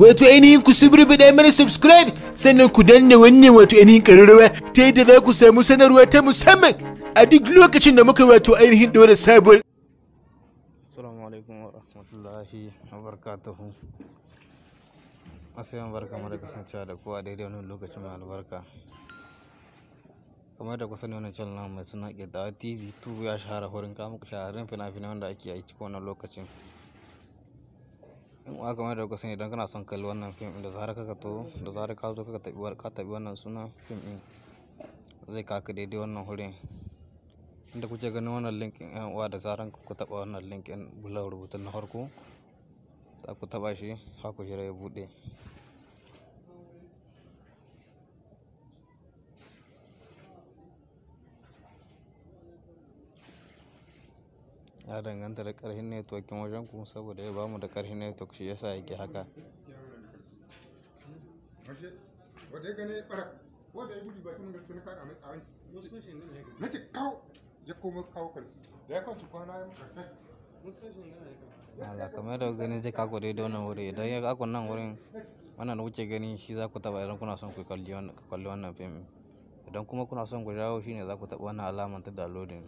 wato ainihin ku subribiɗa mana subscribe sannan ku danna wannan wato ainihin ƙararrawa ta yadda za ku samu sanarwa ta musamman a duk lokacin da muka wato ainihin ɗora sabuwar assalamu alaikum wa rahmatullahi wa barakatuhu asiyan barka mu da kasancewa da kowa daidai wannan lokacin mai albarka kamar da kusan wannan channel mai suna ƙidawa tv 2 ya shahara horin kamuka shaharin fina-finai wanda ake aiki wannan lokacin a kamar da kuka idan kana son kalli wannan fim da zarar ka to da zarar ka zo ka tabi wannan suna fim din zai kaka daidai wannan hurin inda kuke ganin wannan link din yan uwa da zarar ku taba wannan link din bulan rubutun na farko za ku taba shi haku shi ya bude Ya danganta da karshen network wajen ku saboda ya bamu da karshen network shi yasa yake haka. Allah kamar da gani zai kako daidai wannan wuri idan ya kako nan wurin wannan wuce gani shi za ku taba idan kuna son ku kalli wannan fim idan kuma kuna son ku jawo shine za ku taba wannan alamar ta downloading